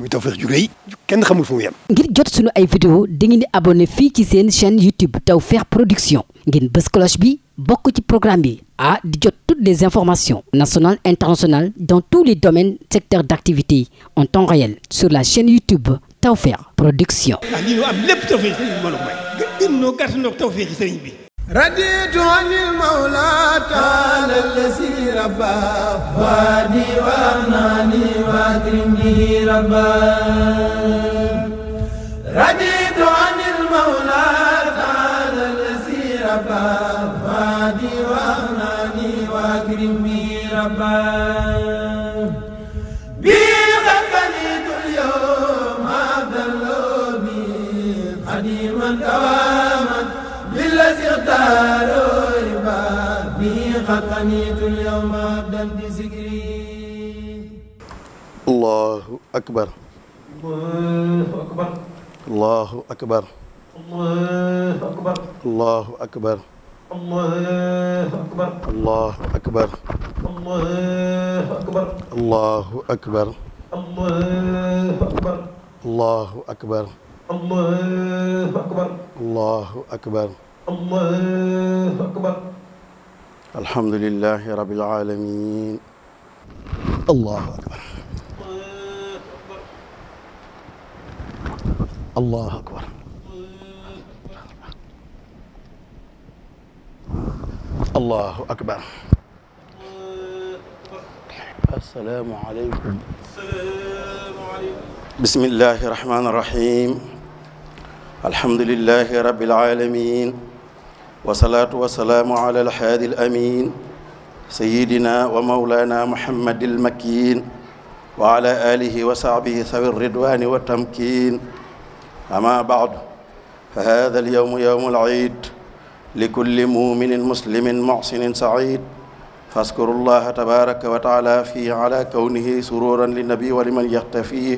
muy Tawfekh ju kenn xamul fu mu ngir jot sunu ay vidéo dangeen di abonné fii ci seen chaîne YouTube Tawfekh Production ngeen bës cloche bi bokk ci programme bi ah di jot toutes les informations nationales internationales dans tous les domaines secteurs d'activité en temps réel sur la chaîne YouTube Tawfekh Production. ah lii ñu am lépp Tawfekh sëriñ bi mbooloo mooy. gën gën ñoo gàtt ñoo Tawfekh sëriñ bi. raditu anil mawla taala allazi وأكرم به ربا رديت عن المولى تعالى الذي ربا فادي وأغناني وأكرم به ربا دواما بالذي اختاروا ربا به خلقني اليوم عبدا بذكري allahu akbar allahu akbar allahu akbar allahu akbar allahu akbar allahu akbar allahu akbar allahu akbar allahu akbar allahu akbar allahu akbar allahu akbar allahu akbar allahu akbar alhamdulillahi rabbil alamin allahu akbar allahu akbar allahu akbar assalaamu aleykum bismillahi rahmaani rahim alhamdulilahi rabbil alamin wasalaatu wasalaamu ala alhaadi alamin sayidina wa maulana muhammad almakin wa ala alihi wa sahbihi sawi ridwani wa tamkin ama baadu fa hada alyowmu yowmu alciid likulli muminin muslimin muxsinin saciid faskuru llaha tabaraka wa taala fi ala kawnihi sururan linnabi wa liman yaxtafihi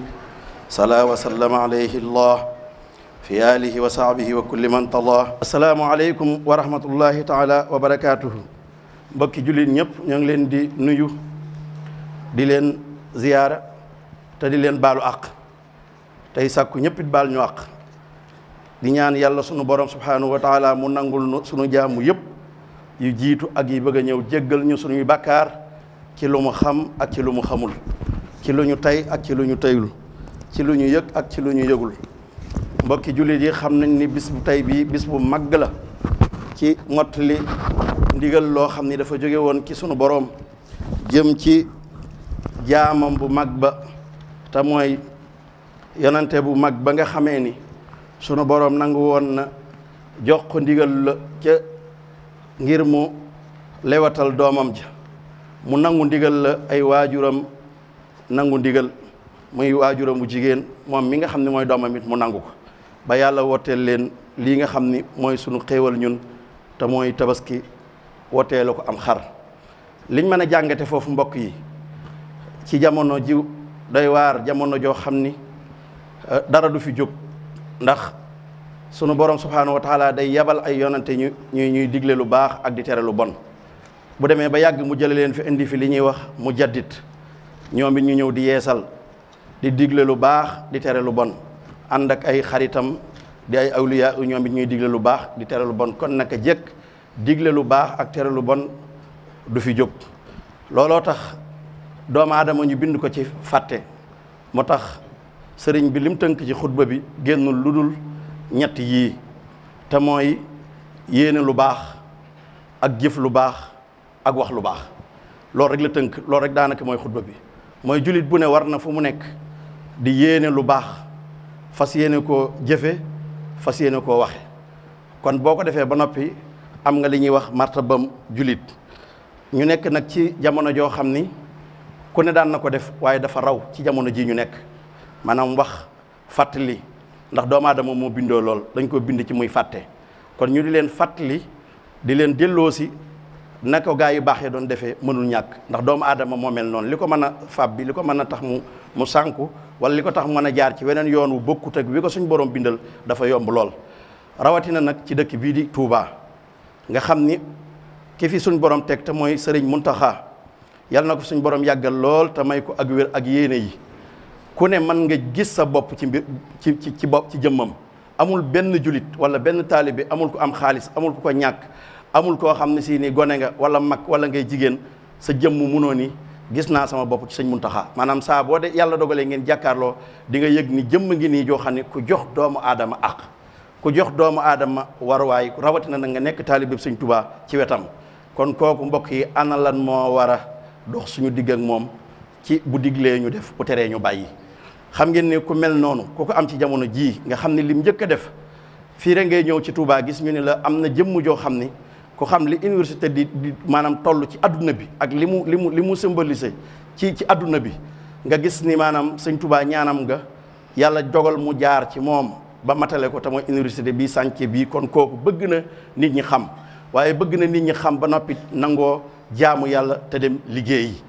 sala wa sallama alayhi llah fi alihi wa sahbihi wa kulli man tala asalaamu aleykum wa rahmatullahi taala wa barakatuhu mbokki jullit ñëpp ñoo ngi leen di nuyu di leen ziyaara te di leen baalu àq tey sàkku ñëppit baal ñu àq di ñaan yàlla sunu borom subhanahu wa mu nangul nu sunu jaamu yëpp yu jiitu ak yi bëgg a ñëw jéggal ñu suñuy bàkkaar ci lu mu xam ak ci lu mu xamul ci lu ñu tey ak ci lu ñu teyul ci lu ñu yëg ak ci lu ñu yëgul mbokki jullit yi xam nañ ni bis bu tey bii bis bu màgg la ci mott li ndigal loo xam ni dafa jóge woon ci sunu boroom jëm ci jaamam bu mag ba te mooy yonante bu mag ba nga xamee ni sunu boroom nangu woon na jox ko ndigal la ca ngir mu lewatal doomam ja mu nangu ndigal la ay waajuram nangu ndigal muy waajuram bu jigéen moom mi nga xam ne mooy doomam it mu nangu ko ba yàlla wooteel leen lii nga xam ni mooy sunu xéewal ñun te mooy tabaski wootee ko am xar liñ mën a jàngate foofu mbokk yi ci jamono ji day waar jamono joo xam ni dara du fi jóg ndax sunu borom subhaanahu wa taala day yabal ay yonante ñu ñuy digle lu baax ak di tere lu bon bu demee ba yàgg mu jële leen fi indi fi li ñuy wax mu jaddit ñoom it ñu ñëw di yeesal di digle lu baax di tere lu bon ànd ay xaritam di ay awliya ñuy digle lu baax di tere lu bon kon naka jëkk digle lu baax ak tere lu bon du fi jóg looloo tax doomu aadama ñu bind ko ci fàtte moo tax sëriñ bi lim tënk ci xutba bi génnul lu dul ñett yii te mooy yéene lu baax ak jëf lu baax ak wax lu baax loolu rek la tënk loolu rek daanaka mooy xutba bi mooy jullit bu ne war na fu mu nekk di yéene lu baax fas yéene koo jëfe fas yéene koo waxe kon boo ko defee ba noppi am nga li ñuy wax bam jullit ñu nekk nag ci jamono joo xam ni ku ne daan na ko def waaye dafa raw ci jamono ji ñu nekk maanaam wax fàttali ndax doomu aadama moo bindoo lool dañ ko bind ci muy fàtte kon ñu di leen fàttali di leen delloosi naka gaa yi baax doon defee mënul ñàkk ndax doomu aadama moo mel noonu li ko mën a fab bi li ko mën a tax mu mu sànku wala li ko tax mu mën a jaar ci weneen yoon wu bokkut ak ko suñ borom bindal dafa yomb lool rawatina nag ci dëkk bii di Touba nga xam ni ki fi suñ borom teg te mooy sëriñ taxa yal na ko suñ borom yàggal lool te may ko ak wér ak yéene yi ku ne mën nga gis sa bopp ci mbir ci ci ci bopp ci jëmmam amul benn julit wala benn bi amul ko am xaalis amul ko ko ñàkk amul koo xam ne si ni gone nga wala mag wala ngay jigéen sa jëmm munoo ni gis naa sama bopp ci sëñ Muntaxa maanaam saa boo de yàlla dogalee ngeen jàkkaarloo di nga yëg ni jëmm ngi nii joo xam ne ku jox doomu aadama ak ku jox doomu aadama waruwaay rawatina na nga nekk taalibe sëñ Tuubaa ci wetam kon kooku mbokk yi ana war a dox suñu digg moom ci bu diglee ñu def bu ñu bàyyi xam ngeen ne ku mel noonu ku ko am ci jamono jii nga xam ne lim njëkk a def fii rek ngay ñëw ci tuubaa gis ñu ne la am na jëmm joo xam ni ku xam li université di di maanaam toll ci àdduna bi ak li mu li mu li mu symbolisé ci ci adduna bi nga gis ni maanaam sëñ Touba ñaanam nga yàlla jogal mu jaar ci moom ba matale ko te mooy université bi sànce bii kon kooku bëgg na nit ñi xam waaye bëgg na nit ñi xam ba noppi nangoo jaamu yàlla te dem liggéeyi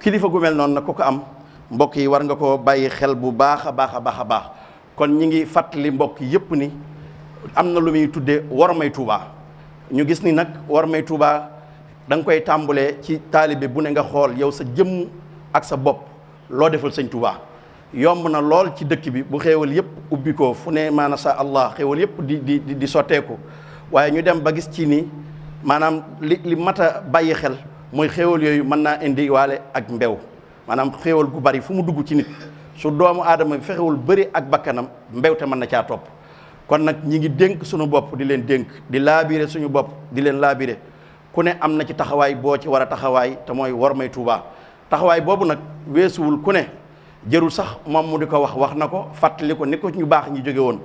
kilifa gu mel noonu nag ko ko am. mbokk yi war nga ko bàyyi xel bu baax a baax a baax a baax kon ñi ngi fàttali mbokk yépp ni am na lu muy tuddee wormay Touba ñu gis ni nag wormay Touba da nga koy tàmbalee ci taalibe bu ne nga xool yow sa jëmm ak sa bopp loo defal sañ Touba yomb na lool ci dëkk bi bu xéewal yëpp ubbi ko fu ne maanaam sa allah xéewal yëpp di di di sotteeku waaye ñu dem ba gis ci ni maanaam li li mat a bàyyi xel mooy xéewal yooyu mën naa indi waale ak mbew maanaam xéewal gu bari fu mu dugg ci nit su doomu aadama bi fexewul bëri ak bakkanam mbewte mën na caa topp kon nag ñi ngi dénk suñu bopp di leen dénk di laabire suñu bopp di leen laabire ku ne am na ci taxawaay boo ci war a taxawaay te mooy war may tuubaa taxawaay boobu nag weesuwul ku ne jërul sax moom mu di ko wax wax na ko fàttali ko ni ko ñu baax ñi jóge woon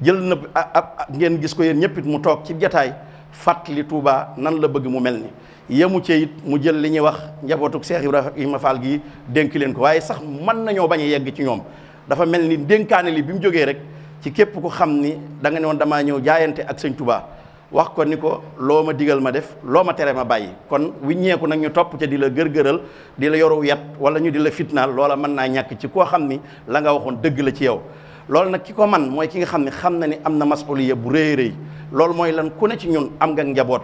jël na ab ngeen gis ko yéen ñëpp mu toog ci jataay fàttali tuubaa nan la bëgg mu mel ni yemu ci it mu jël li ñuy wax njabootuk Seex ma Fall gi dénk leen ko waaye sax mën nañoo bañ a yegg ci ñoom dafa mel ni dénkaane li bi mu jógee rek ci képp ku xam ni danga nga ne woon damaa ñëw jaayante ak sëñ tubaa wax ko ni ko loo ma digal ma def loo ma tere ma bàyyi kon wiññeeku nag ñu topp ca di la gër gërgëral di la yoru yat wala ñu di la fitnaal loola mën naa ñàkk ci koo xam ni la nga waxoon dëgg la ci yow loolu nag ki ko man mooy ki nga xam ne xam na ni am na masuliya bu rëy rëy loolu mooy lan ku ne ci ñun am nga njaboot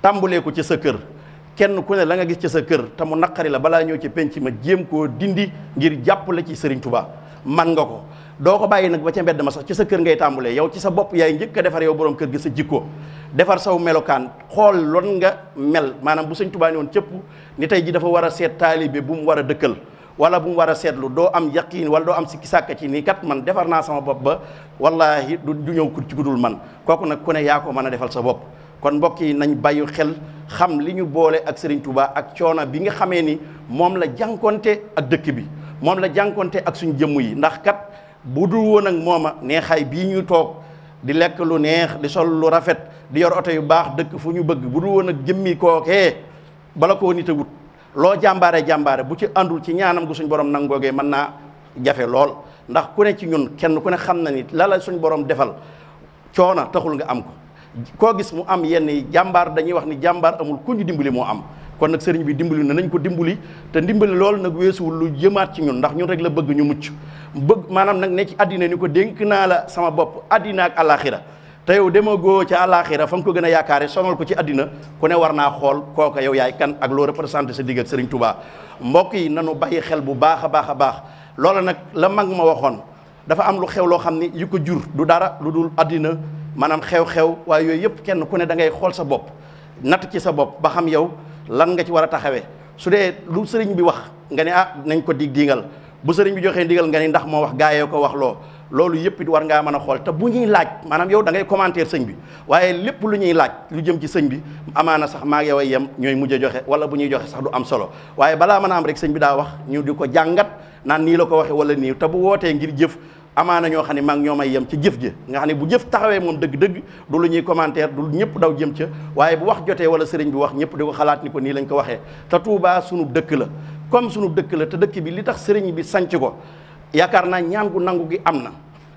tàmbulee ko ci sa kër kenn ku ne la nga gis ci sa kër te mu naqari la balaa ñëw ci penc ma jéem koo dindi ngir jàpp jàppale ci Serigne Touba man nga ko doo ko bàyyi nag ba ca mbedd ma sax ci sa kër ngay tàmbulee yow ci sa bopp yaay njëkk a defar yow borom kër gi sa jikko defar saw melokaan xool lon nga mel maanaam bu Serigne Touba ne woon cëpp ni tey ji dafa war a seet taalibe bu mu war a dëkkal wala bu mu war a seetlu doo am yaqiin wala doo am sikki sàkka ci nii kat man defar bopp ba wallaahi du ñëw ku ci gudul man kooku nag ku ne yaa ko mën a defal sa bopp kon mbokk yi nañ bàyyi xel xam li ñu boole ak sëriñ Touba ak coona bi nga xamee ni moom la jànkonte ak dëkk bi moom la jànkonte ak suñ jëmm yi ndax kat bu dul woon ak mooma neexaay bii ñu toog di lekk lu neex di sol lu rafet di yor oto yu baax dëkk fu ñu bëgg bu dul woon ak jëmmi kookee bala koo nit a wut loo jàmbaare jàmbaare bu ci àndul ci ñaanam gu suñ borom nangoogee mën naa jafe lool ndax ku ne ci ñun kenn ku ne xam na ni lala la suñu borom defal coono taxul nga am ko. koo gis mu am yenn jàmbaar dañuy wax ni jàmbaar amul ku ñu dimbali mu am kon nag sëriñ bi dimbali na nañ ko dimbali te dimbali loolu nag weesuwul lu jëmaat ci ñun ndax ñun rek la bëgg ñu mucc bëgg maanaam nag ne ci àddina ni ko dénk naa la sama bopp àddina ak àllaaxira te yow dema goo ca àllaaxira fa nga ko gën a yaakaare sonal ko ci àddina ku ne war naa xool kooka yow yaay kan ak loo représenté sa digg ak sëriñ tubaa mbokk yi nanu bàyyi xel bu baax a baax a baax loola nag la mag ma waxoon dafa am lu xew loo xam ni yu jur du dara lu dul àddina maanaam xew-xew waaye yooyu yëpp kenn ku ne da ngay xool sa bopp natt ci sa bopp ba xam yow lan nga ci war a taxawee su dee lu sëriñ bi wax nga ne ah nañ ko dig digal bu sëriñ bi joxee ndigal nga ne ndax moo wax gaayee ko wax loo loolu yëpp it war ngaa mën a xool te bu ñuy laaj maanaam yow da ngay commentaire sëñ bi waaye lépp lu ñuy laaj lu jëm ci sëñ bi amaana sax maa ngi yow ay yem ñooy mujj joxe wala bu ñuy joxe sax du am solo waaye balaa mën a am rek sëñ bi daa wax ñu di ko jàngat naan nii la ko waxee wala nii te bu wootee ngir jëf na ñoo xam ne maag ñoo may yem ci jëf ji nga xam ne bu jëf taxawee moom dëgg-dëgg du lu ñuy commentaire du ñëpp daw jëm ca waaye bu wax jotee wala sëriñ bi wax ñëpp di ko xalaat ni ko nii lañ ko waxee te Touba sunu dëkk la comme sunu dëkk la te dëkk bi li tax sëriñ bi sanc ko yaakaar naa ñaan gu nangu gi am na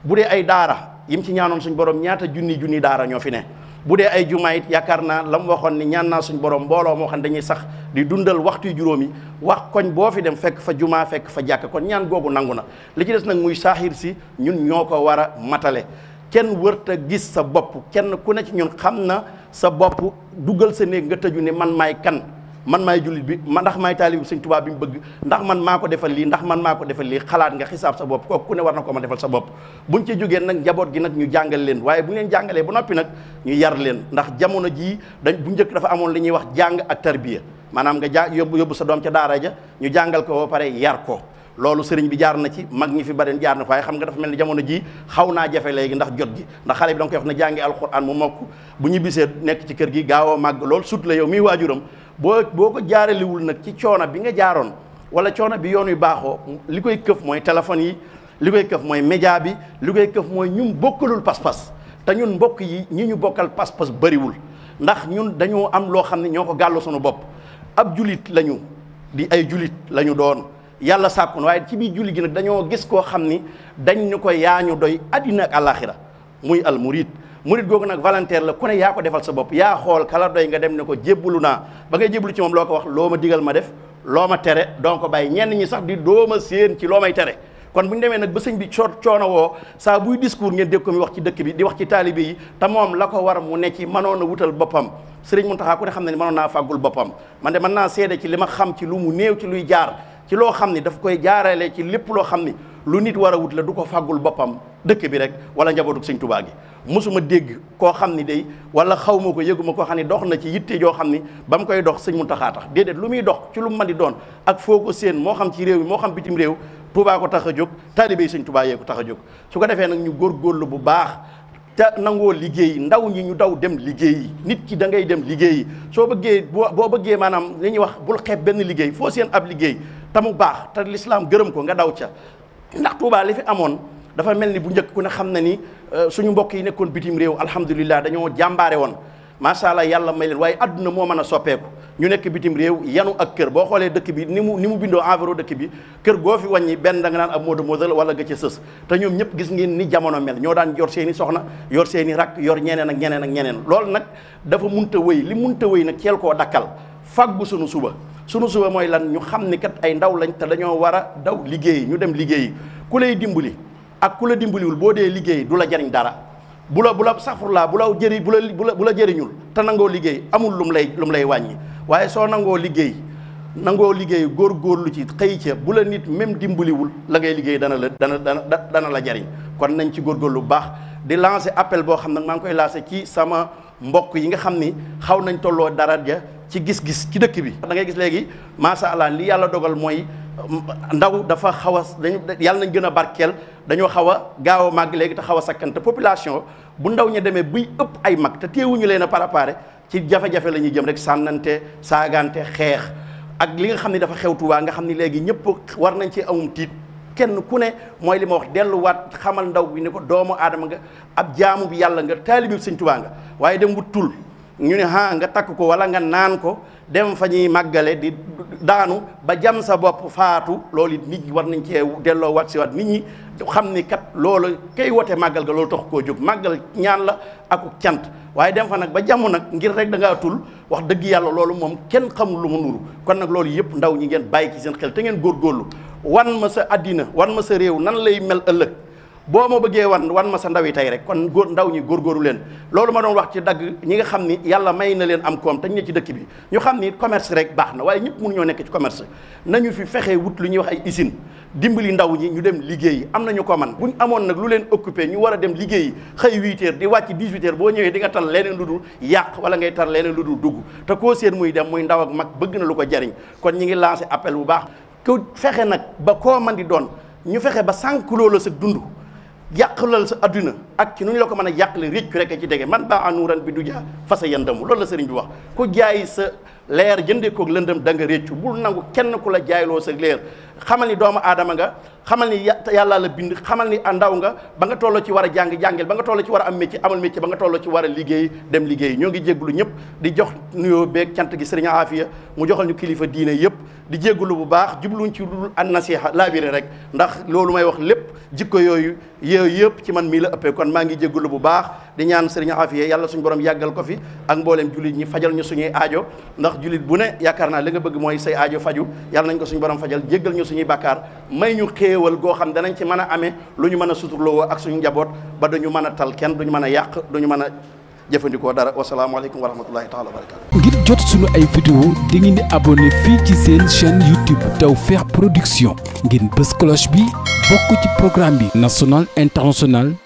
bu dee ay daara yim ci ñaanoon suñ borom ñaata junni junni daara ñoo fi ne bu dee ay jumaa it yaakaar naa la mu waxoon ni ñaan naa suñ borom mbooloo moo xam dañuy sax di dundal waxtu yu juróom yi wax koñ boo fi dem fekk fa jumaa fekk fa jàkk kon ñaan googu nangu na li ci des nag muy saaxiir si ñun ñoo ko war a matale kenn wërta gis sa bopp kenn ku ne ci ñun xam na sa bopp dugal sa néeg nga tëju ne man maay kan man maay jullit bi ma ndax maay taalib bi sëñ bi mu bëgg ndax man maa ko defal lii ndax man maa ko defal lii xalaat nga xisaab sa bopp kooku ku ne war na ko ma defal sa bopp buñ jógee nag njaboot gi nag ñu jàngal leen waaye bu ñu leen jàngalee ba noppi nag ñu yar leen ndax jamono jii dañ bu njëkk dafa amoon li ñuy wax jàng ak tarbiya maanaam nga yóbbu yóbbu sa doom ca daara ja ñu jàngal ko ba pare yar ko loolu sëriñ bi jaar na ci mag ñi fi bari jaar na waaye xam nga dafa mel ni jamono jii xaw naa jafe léegi ndax jot gi ndax xale bi da nga koy wax ne jàngi alxuraan mu mokk bu ñu bisee nekk ci kër gi gaawoo màgg loolu sut la yow miy waajuram boo boo ko jaaraliwul nag ci coono bi nga jaaroon wala coono bi yoon wi baaxoo li koy këf mooy téléphone yi li koy këf mooy média bi li koy këf mooy ñu bokkalul pas-pas te ñun mbokk yi ñi ñu bokkal pas-pas bariwul ndax ñun dañoo am loo xam ne ñoo ko gàll suñu bopp ab julit lañu di ay julit lañu doon yàlla sàkkoon waaye ci biir julli gi nag dañoo gis koo xam ni dañ ñu ko yaa ñu doy àddina ak àllaaxira muy almurid mu murit googu nag volontaire la ku ne yaa ko defal sa bopp yaa xool kala doy nga dem ne ko jébbalu naa ba ngay jébbalu ci moom loo ko wax loo ma digal ma def loo ma tere donc bàyyi ñenn ñi sax di dooma séen ci loo may tere kon bu ñu demee nag ba sëñ bi coot coono woo saa buy discours ngeen dégg ko wax ci dëkk bi di wax ci taalibe yi te moom la ko war mu ne ci mënoon a wutal boppam sëriñ Muntaxa ku ne xam ne mënoon naa fàggul boppam man de mën naa seede ci li ma xam ci lu mu néew ci luy jaar ci loo xam ni dafa koy jaarale ci lépp loo xam ni lu nit war a wut la du ko fàggul boppam dëkk bi rek wala njabootu sëñ tubaa gi mosuma dégg koo xam ni dey wala xaw ma ko yëguma koo xam ni dox na ci yitte joo xam ni ba mu koy dox sëñ mu taxaa tax déedéet lu muy dox ci lu mën di doon ak foo ko séen moo xam ci réew mi moo xam bitim réew tubaa ko tax a jóg taalibé yi sëñ yee ko tax a jóg su ko defee nag ñu góor góorgóorlu bu baax te nangoo liggéey ndaw ñi ñu daw dem liggéeyi nit ki da ngay dem liggéeyi soo bëggee boo boo bëggee maanaam li ñuy wax bul xeeb benn liggéey foo seen ab liggéey te mu baax te lislaam gërëm ko nga daw ca ndax Tuubaa li fi amoon dafa mel ni bu njëkk ku ne xam na ni euh, suñu mbokk yi nekkoon bitim réew alhamdulilah dañoo jàmbaare woon macha allah yàlla may leen waaye àdduna moo mën a soppeeku ñu nekk bitim réew yanu ak kër boo xoolee dëkk bi ni mu ni mu bindoo environ dëkk bi kër goo fi wàññi benn da nga naan ab mooda moodal wala ga ca sës te ñoom ñëpp gis ngeen ni jamono mel ñoo daan yor seeni soxna yor seeni rakk yor ñeneen ak ñeneen ak ñeneen loolu nag dafa munta wëy li munta wëy nag teel koo dakkal fàggu sunu suba sunu suba mooy lan ñu xam ni kat ay ndaw lañ te dañoo war a daw liggéey ñu dem liggéey ku lay dimbali ak ku la dimbaliwul boo dee liggéey du la jariñ dara bu la bu la saxurlaa bu la jëri bu la bu la jëriñul te nangoo liggéey amul lum lay lum lay wàññi waaye soo nangoo liggéey nangoo liggéey góor góorgóorlu ci xëy ca bu la nit même dimbaliwul la ngay liggéey dana la dana dana dana la jariñ kon nañ ci góor góorgóorlu bu baax di lancer appel boo xam ne maa ngi koy lancer ci sama mbokk yi nga xam ni xaw nañ tolloo dara ja ci gis-gis ci dëkk bi. da ngay gis léegi macha allah li yàlla dogal mooy. ndaw dafa xaw a dañu yàlla nañ gën a barkeel dañoo xaw a gaaw a màgg léegi te xaw a sakkan te bu ndaw ñu demee buy ëpp ay mag te teewuñu leen a préparé ci jafe-jafe la ñuy jëm rek sànnante saagante xeex ak li nga xam ne dafa xew Tuubaa nga xam ni léegi ñëpp war nañ ci amum tiit kenn ku ne mooy li ma wax delluwaat xamal ndaw bi ni ko doomu aadama nga ab jaamu bi yàlla nga taalibi Sëñ Tuubaa nga waaye dem wut tul ñu ne ah nga takk ko wala nga naan ko dem fa ñuy màggale di daanu ba jam sa bopp faatu loolu it nit ñi war nañ cee delloo wat si wat nit ñi xam ni kat loolu kay wote màggal ga loolu tax koo jóg màggal ñaan la ak cant waaye dem fa nag ba jàmm nag ngir rek da tul wax dëgg yàlla loolu moom kenn xamul lu mu nuru kon nag loolu yëpp ndaw ñi ngeen bàyyi ki seen xel te ngeen góor góorgóorlu wan ma sa àddina wan ma sa réew nan lay mel ëllëg boo ma bëggee wan wan ma sa ndaw yi tey rek kon góor ndaw ñi góorgóoru leen loolu ma doon wax ci dagg ñi nga xam ni yàlla may na leen am koom te ñu ne ci dëkk bi ñu xam ni commerce rek baax na waaye ñëpp mënu ñoo nekk ci commerce nañu fi fexe wut lu ñuy wax ay usine dimbali ndaw ñi ñu dem liggéeyi am nañu ko man bu ñu amoon nag lu leen occupé ñu war a dem liggéeyi xëy 8 heures di wàcc 18 heures boo ñëwee dinga nga tal leneen lu dul yàq wala ngay tal leneen lu dul dugg te koo seen muy dem muy ndaw ak mag bëgg na lu ko jariñ kon ñi ngi lancé appel bu baax ku fexe nag ba koo man di doon ñu fexe ba sànk loola sa dund yàqalal sa adduna ak ci nu ñu la ko mën a yàqale réccu rek ci dege man baa anuuran bi du jaa fasa yandamu loolu la sëriñ bi ku jaay sa leer jëndee koog lëndëm danga nga réccu bul nangu kenn ku la jaayloo sa leer xamal ni doomu aadama nga xamal ni yàlla la bind xamal ni ndaw nga ba nga tolloo ci war a jàng jàngil ba nga tolloo ci war a am métier amal métier ba nga tolloo ci war a liggéey dem liggéey ñoo ngi jégglu ñëpp di jox nuyoo beeg cant gi sëriñ Afia mu joxal ñu kilifa diine yëpp di jégglu bu baax jubluñ ci lu an nasiha laabire rek ndax loolu may wax lépp jikko yooyu yooyu yëpp ci man mii la ëppee kon maa ngi jégglu bu baax di ñaan sëriñ Afia yàlla suñu borom yàggal ko fi ak mbooleem jullit ñi fajal ñu suñuy aajo julit bu ne yaakaar naa li nga bëgg mooy say aajo faju yàlla nañ ko suñu borom fajal jéggal ñu suñuy bàkkaar may ñu xéewal goo xam danañ ci mën a amee lu ñu mën a suturloo ak suñu njaboot ba duñu mën a tal kenn duñu mën a yàq duñu mën a jëfandikoo dara wasalaamaaleykum wa rahmatullahi taala wa barakatu ngir jot suñu ay vidéo di ngeen di abonné fii ci seen chaîne YouTube Tawfekh Production ngeen bës cloche bi bokk ci programme bi national international